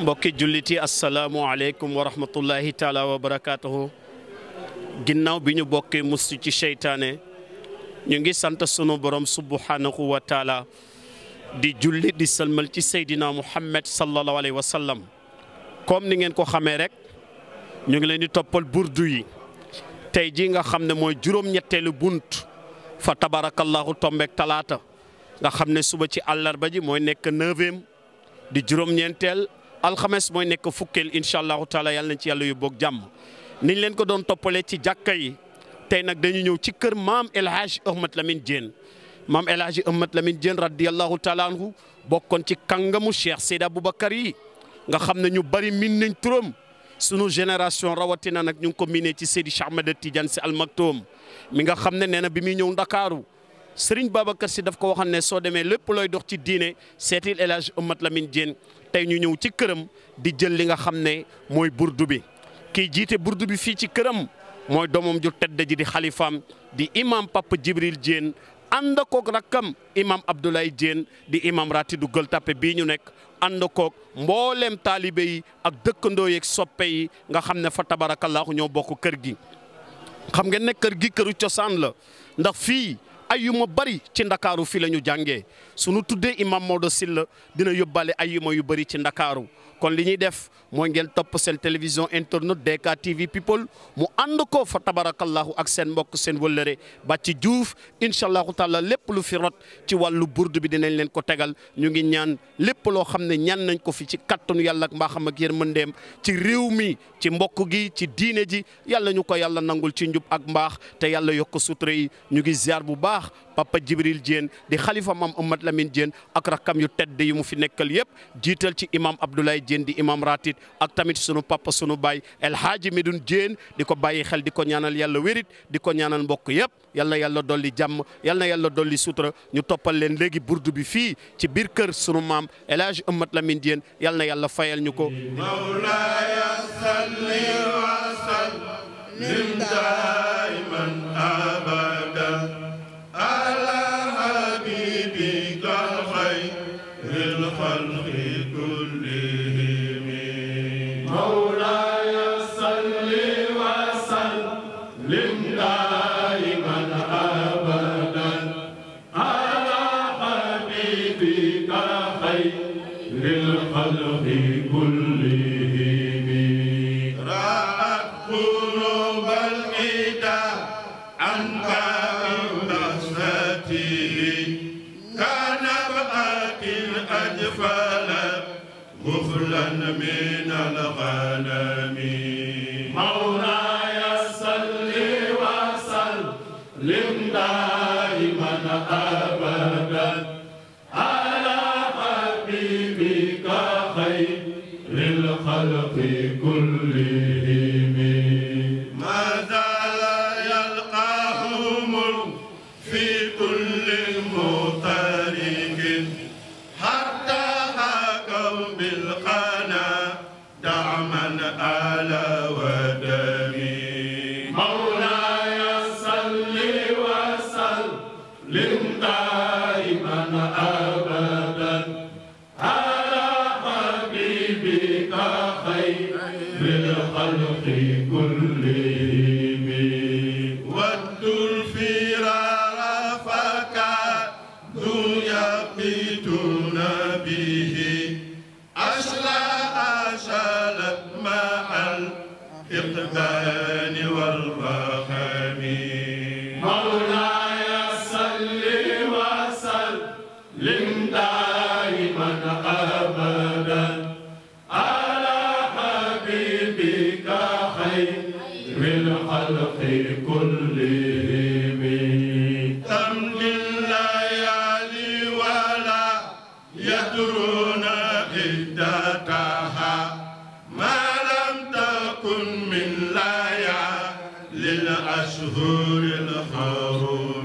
mbokki jullit yi asalaamualeykum wa rahmatullahi taala wa barakaatuhu ginnaaw bi ñu bokkee musti ci seytaane ñu ngi sant sunu borom subhanahu wa di julli di salmal ci seydina muhammad sallallahu alayhi wa sallam comme ni ngeen ko xamee rek ñu ngi leen di toppal burdu yi tey ji nga xam ne mooy juróom-ñetteelu bunt fa tabarakallahu tombeek talaata nga xam ne suba ci àllarba ji mooy nekk neuvième di juróom-ñeenteel alxames mooy nekk fukkeel incha allahu taala yàlla nañ ci yàlla yu boog jàmm niñ leen ko doon toppalee ci jàkka yi tey nag dañu ñëw ci kër maam El Hadj Ahmed Lamine Diène maam El Hadj Ahmed Lamine Diène radiyallahu taala anhu bokkoon ci kàngamu Cheikh Seydi Aboubacar yi nga xam ne ñu bari min nañ turam sunu génération rawatina nag ñu ngi ko miinee ci Seydi Cheikh Ahmed Tidiane Sy Al Maktoum mi nga xam ne nee na bi muy ñëw Ndakaaru Serigne Babacar Sy daf ko waxoon ne soo demee lépp looy dox ci diine seetil El Hadj Amat Lamine Diène tey ñu ñëw ci këram di jël li nga xam ne mooy burdu bi kii jiite burdu bi fii ci këram mooy doomam ju tedd ji di xalifaam di imam Papa Djibril Diène ànd koog rakkam imam Abdoulaye Diène di imam ratidu Gueule Tapée bii ñu nekk ànd koog mboolem taalibe yi ak dëkkandoo yeeg soppe yi nga xam ne fa tabarakallahu ñëw bokk kër gi xam ngeen ne kër gi këru cosaan la ndax fii ay yu ma bëri ci ndakaaru fii la ñu jàngee sunu tuddee imam Maodo Sylla dina yóbbaale ay yu ma yu bëri ci ndakaaru kon li ñuy def mooy ngeen topp seen télévision internet DK TV people mu ànd ko fa tabarakallahu ak seen mbokk seen wëllëre ba ci Diouf incha allahu taala lépp lu fi rot ci wàllu burdu bi dinañ leen ko tegal ñu ngi ñaan lépp loo xam ne ñan nañ ko fi ci kattanu yàlla ak mbaaxam ak yërmandeem ci réew mi ci mbokk gi ci diine ji yàlla ñu ko yàlla nangul ci njub ak mbaax te yàlla yokk sutura yi baax papa Jibril Diène di xalifa maam Amat Lamine Diène ak rakkam yu tedd yi mu fi nekkal yëpp jiital ci imam Abdoulaye Diène di imam ratit ak tamit sunu pappa sunu baay El mi du Diène di ko bàyyi xel di ko ñaanal yàlla wérit di ko ñaanal mbokk yëpp yal na yàlla dolli jàmm yal na yàlla dolli sutura ñu toppal leen léegi burdu bi fii ci biir kër sunu maam El Hadji Amat Lamine Diène yal na yàlla fayal ñu ko. للأشهر الحرم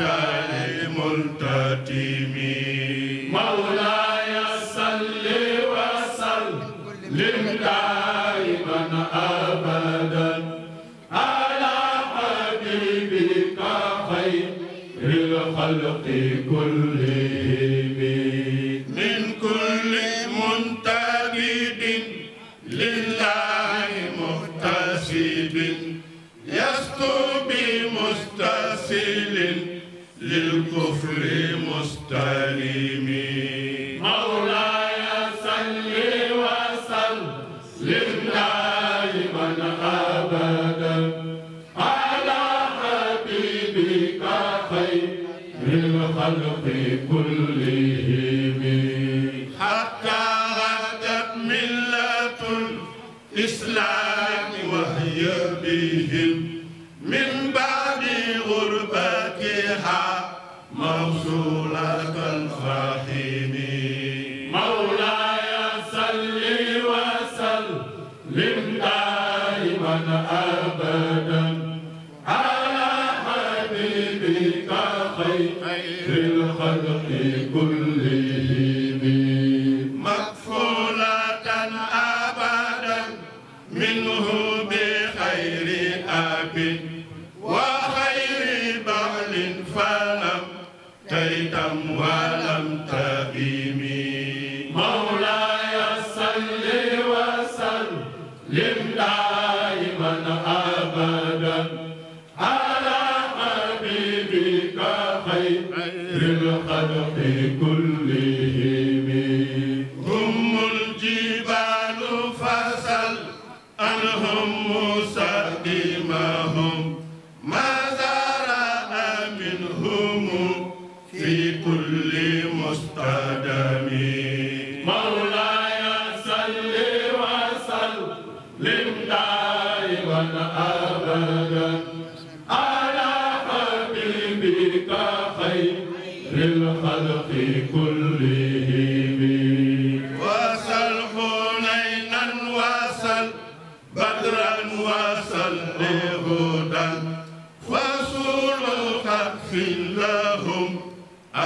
المعتل الملتتم مولاي day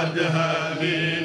بعدها من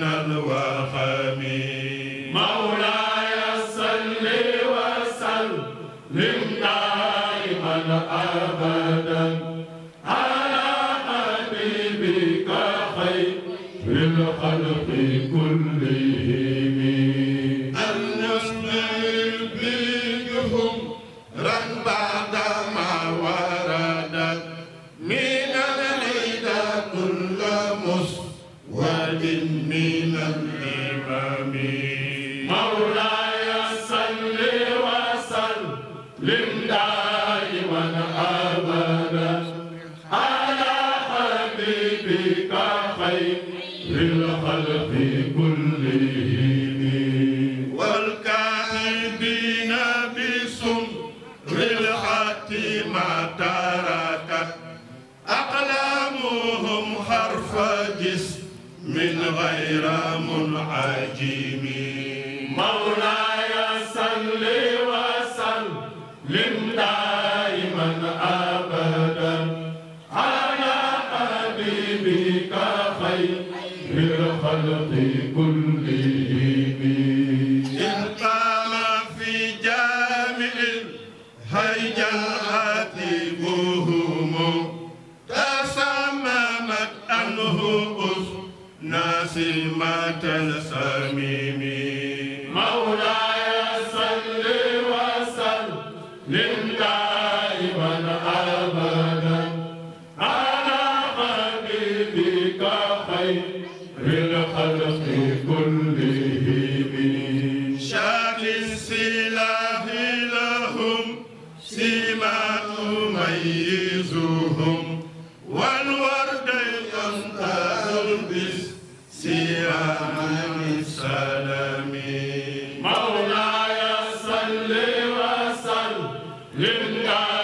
فجس من غير منعجم مولاي and the Son. linda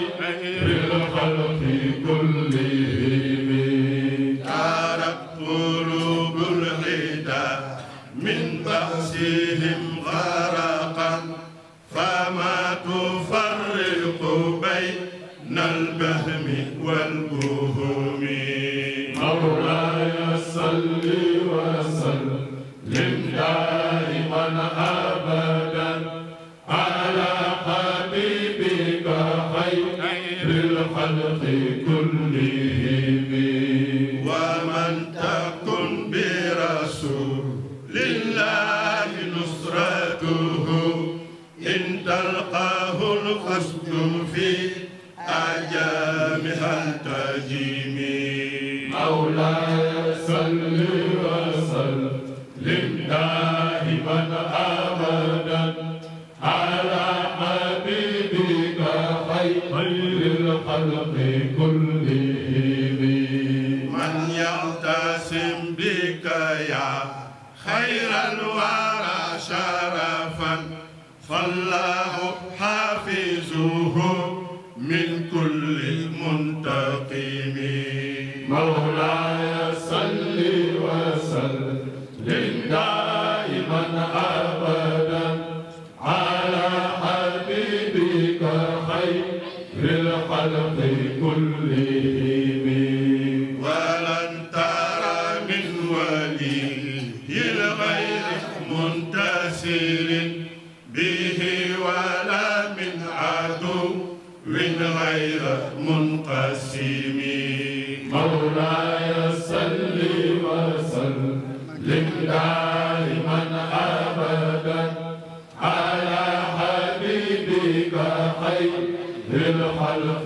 بالخلق كله خير الورى شرفا فالله حافظه من كل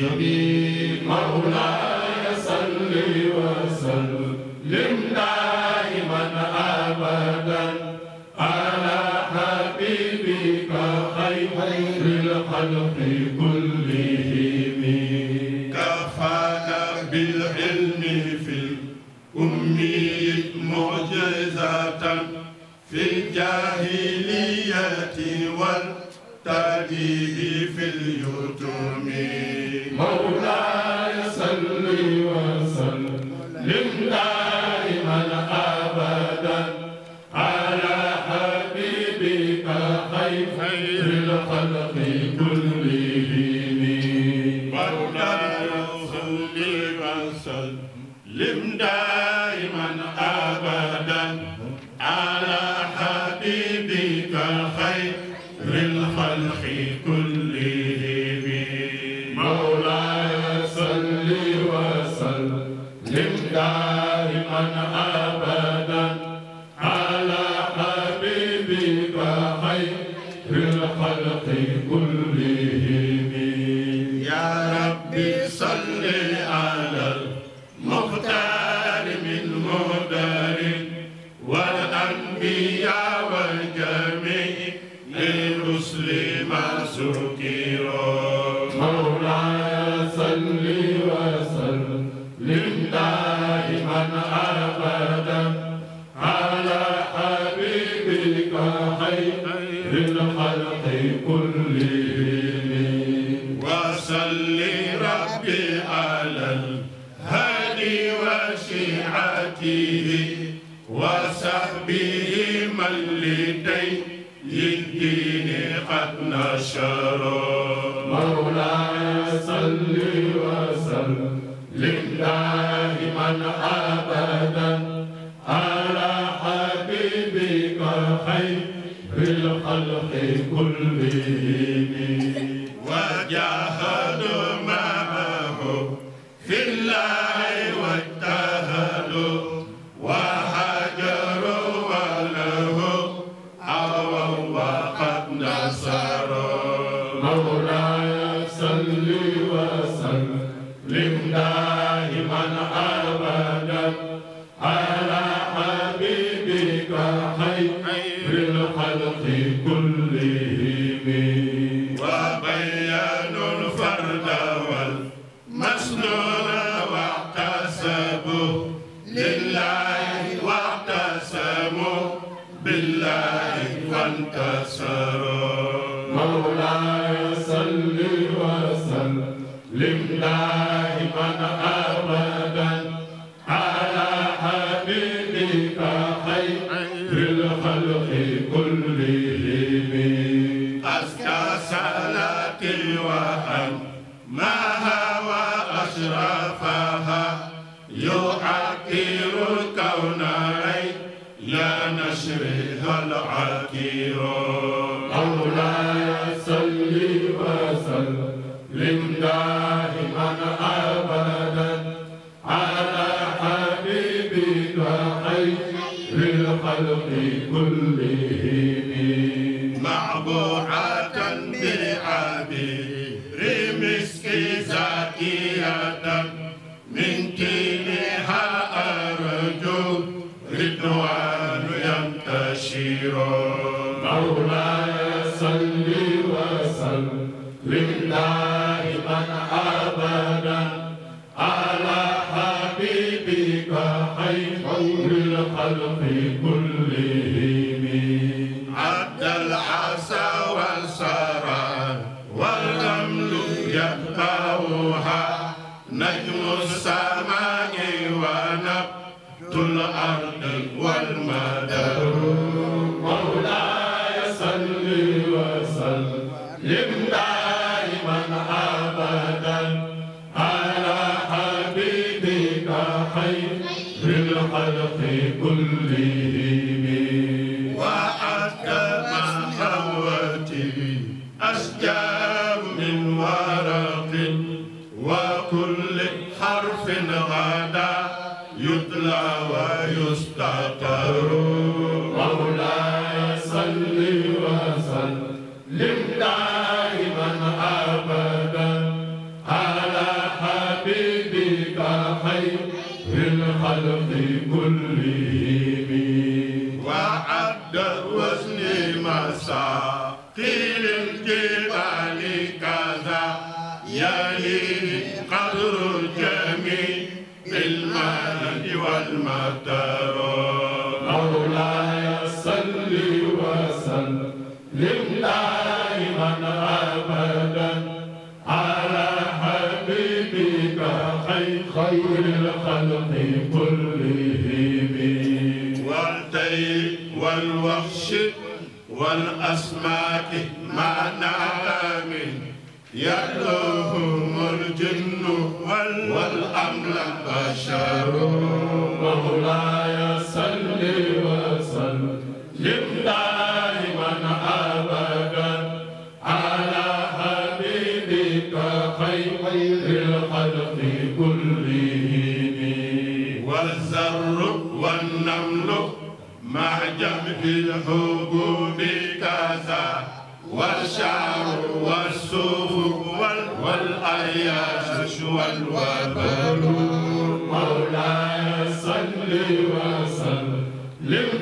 حبيب مولاي خير الخلق لي وشيعته وصحبه من لدين قد نشروا lim بك خير الخلق كلهم قدر الجميع بالمال والمطر مولاي صل وسلم دائما ابدا على حبيبك خير خير الخلق كلهم والطير والوحش والاسماك مع نعم يدعو والشعر والسفك والأياش والوبل مولاي صل وسلم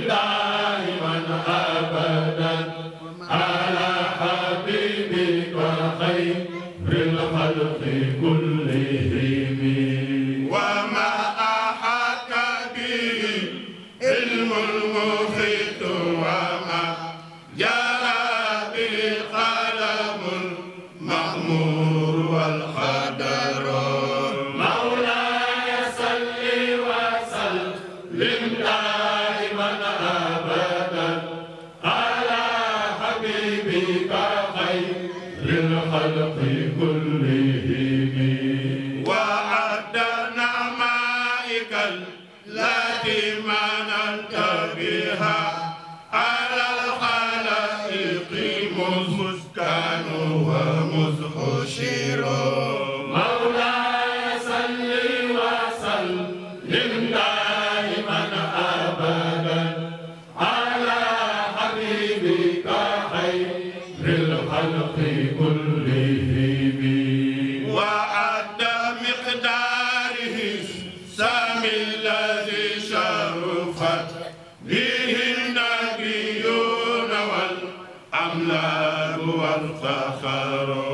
فارتخروا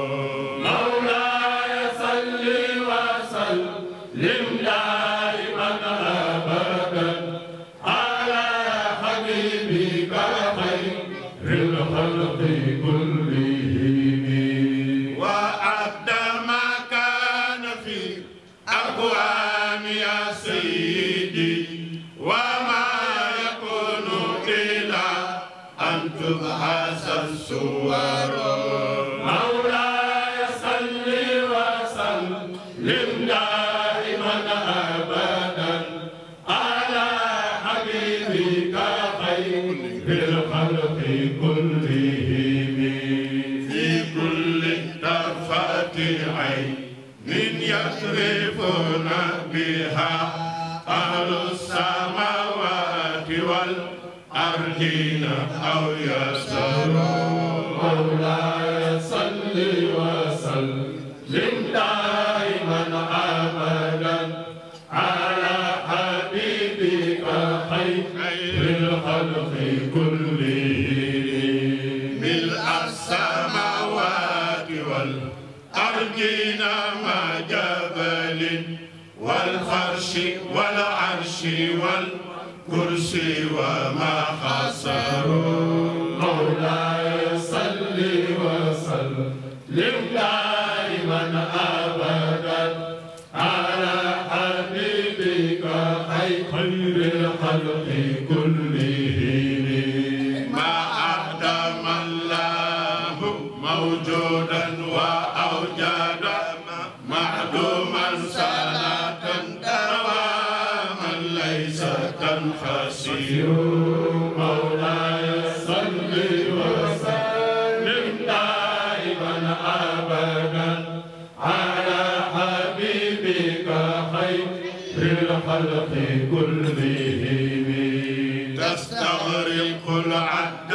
أرجينا أو يسر مولاي صل وسلم دائما أبدا على حبيبك خير الخلق كلهم ملء السماوات والأرجينا ما جبل والفرش والعرش والكرسي وما إليك خير الخلق كلهم تستغرق العد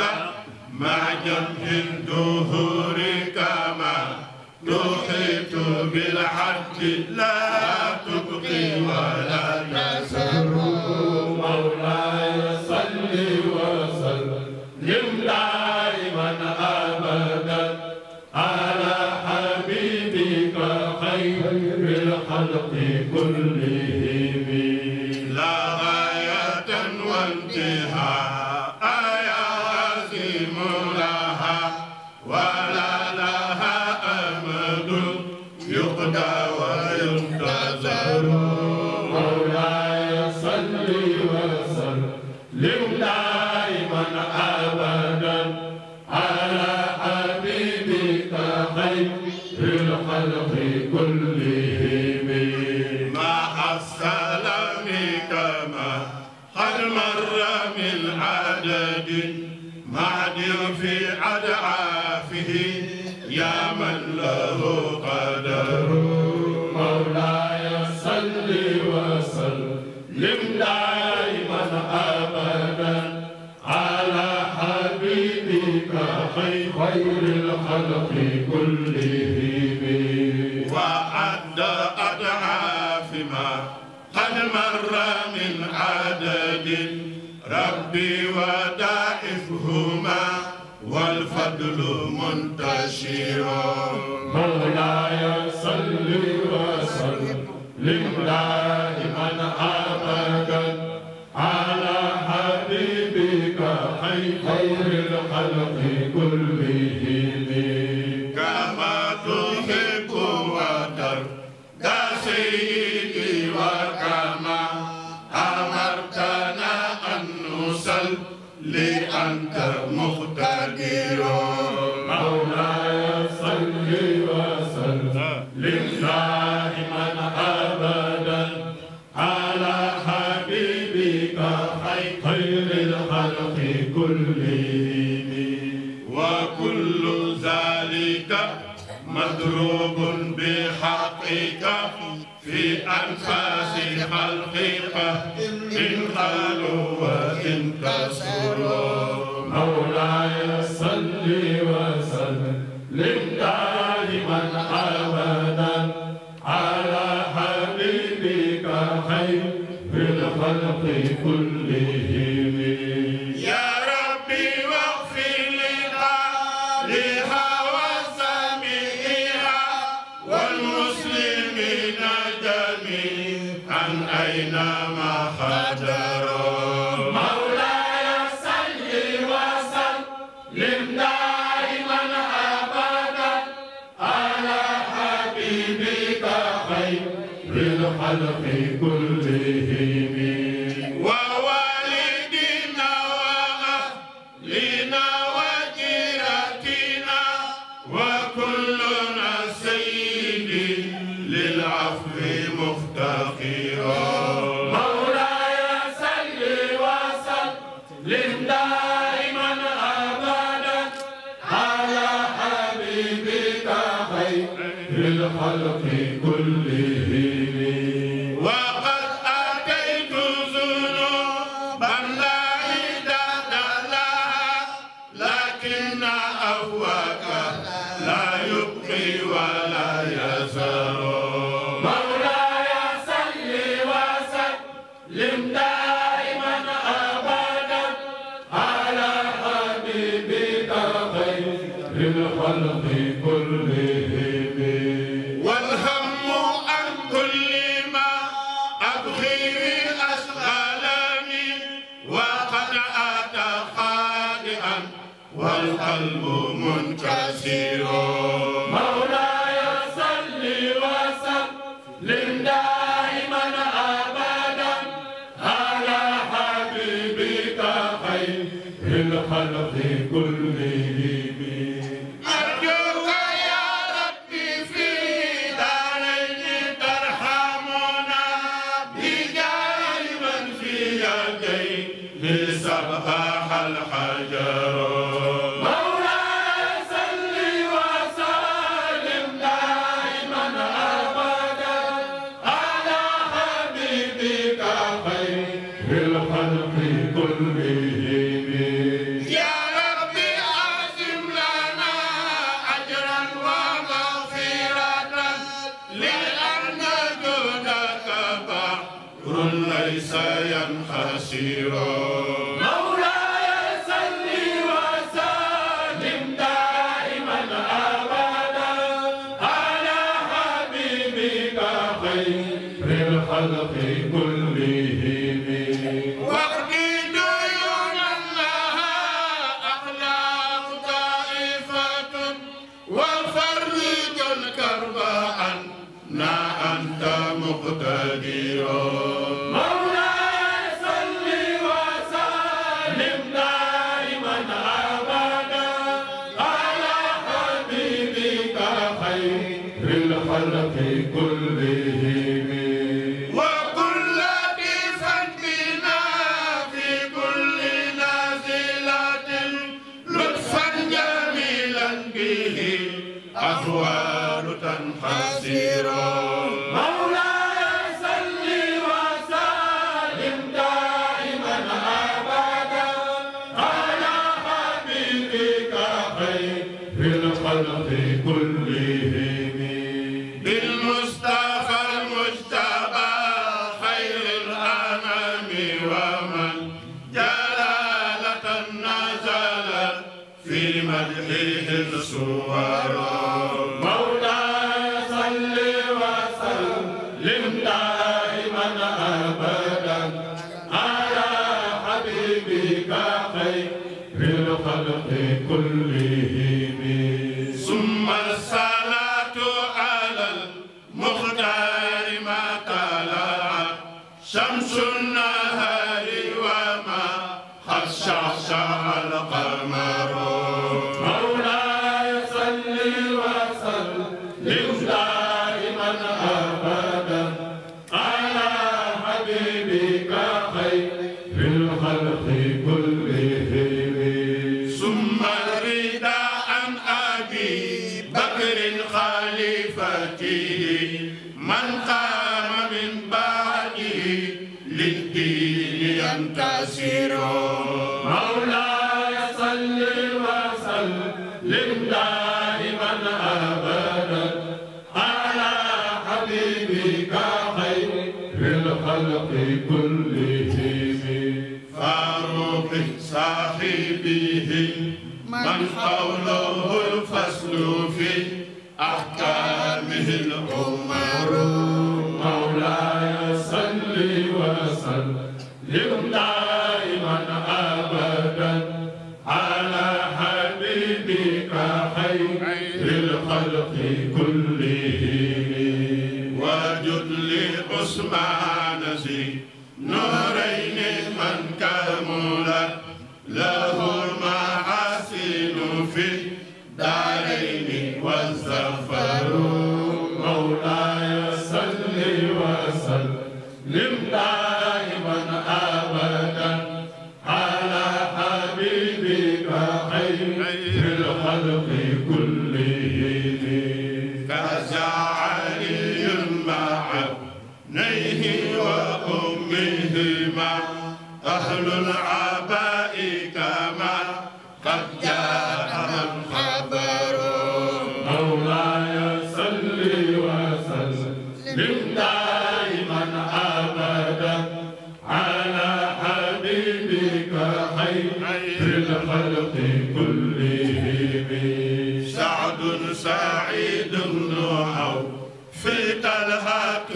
مع جمع الدهور كما تحيط بالحق لا عدل في أدعافه يا من له قدر مولاي صل وسلم دائما أبدا على حبيبك خير الخلق كلهم الخلق كلهم كربا أنا أنت مقتدر بك خير الخلق كلهم به الأمم في الخلق كلهم سعد سعيد نوح في طلحة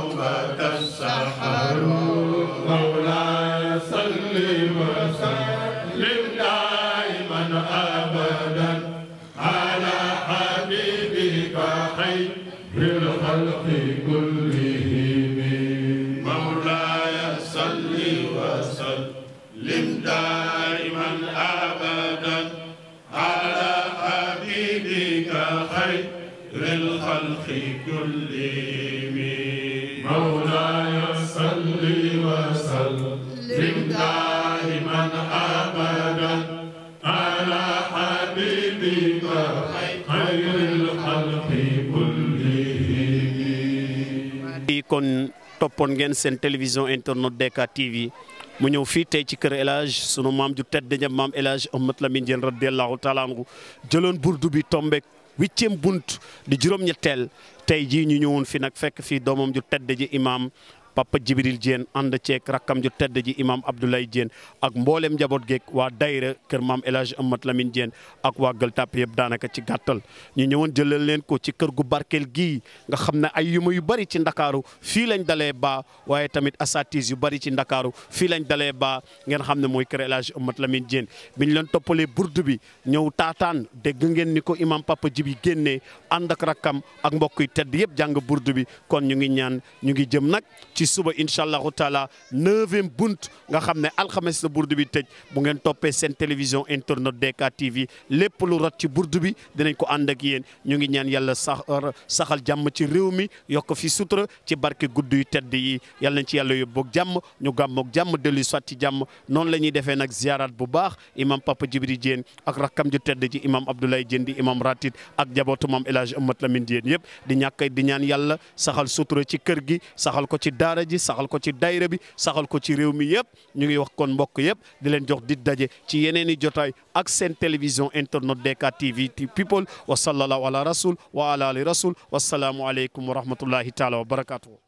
توبة السحر مولاي صل fekkoon toppoon ngeen seen télévision internet DK TV mu ñëw fii tey ci kër sunu maam ju tedd ja maam El Hadj Ahmed Lamine Diène radiyallahu taala anhu jëloon burdu bi tombek huitième bunt di juróom-ñetteel tey jii ñu ñëwoon fi nag fekk fii doomam ju tedd ji imaam papa Jibril Diène ànd ceeg rakkam ju tedd ji imam Abdoulaye jéen ak mboolem njaboot geeg waa Daïra kër maam El Hadj Amat Lamine Diène ak waa Gueule Tapée yëpp daanaka ci gàttal. ñu ñëwoon jëlal leen ko ci kër gu barkeel gii nga xam ne ay yuma yu bari ci ndakaaru fii lañ dalee baa waaye tamit asatis yu bari ci ndakaaru fii lañ dalee baa ngeen xam ne mooy kër El Hadj Amat Lamine Diène biñ leen toppalee burdu bi ñëw taataan dégg ngeen ni ko imam papa Jibi génnee ànd ak rakkam ak mbokk yi tedd yëpp jàng burdu bi kon ñu ngi ñaan ñu ngi jëm nag ci suba incha allahu taala neuvième bunt nga xam ne alxames la burdu bi tëj bu ngeen toppee seen télévision internet DK TV lépp lu rot ci burdu bi dinañ ko ànd ak yéen ñu ngi ñaan yàlla sax euh, saxal jàmm ci réew mi yokk fi sutura ci barke gudd yu tedd yi yàlla nañ ci yàlla yóbboog jàmm ñu gàmmoog jàmm dellu soit ci jàmm noonu la ñuy defee nag ziarat bu baax imam Papa Djibril Diène ak rakkam ju tedd ji imam Abdoulaye Diène di imam Ratib ak jabootu maam El Hadj Amat Lamine Diène yëpp di ñàkk di ñaan yàlla saxal sutura ci kër gi daara ji saxal ko ci dayra bi saxal ko ci réew mi yëpp ñu ngi wax kon mbokk yëpp di leen jox di daje ci yeneen i jotay ak seen télévision internet DK TV people wa sallallahu ala rasul wa ala ali rasul wasalaamu aleykum wa rahmatullahi taala wa barakatuhu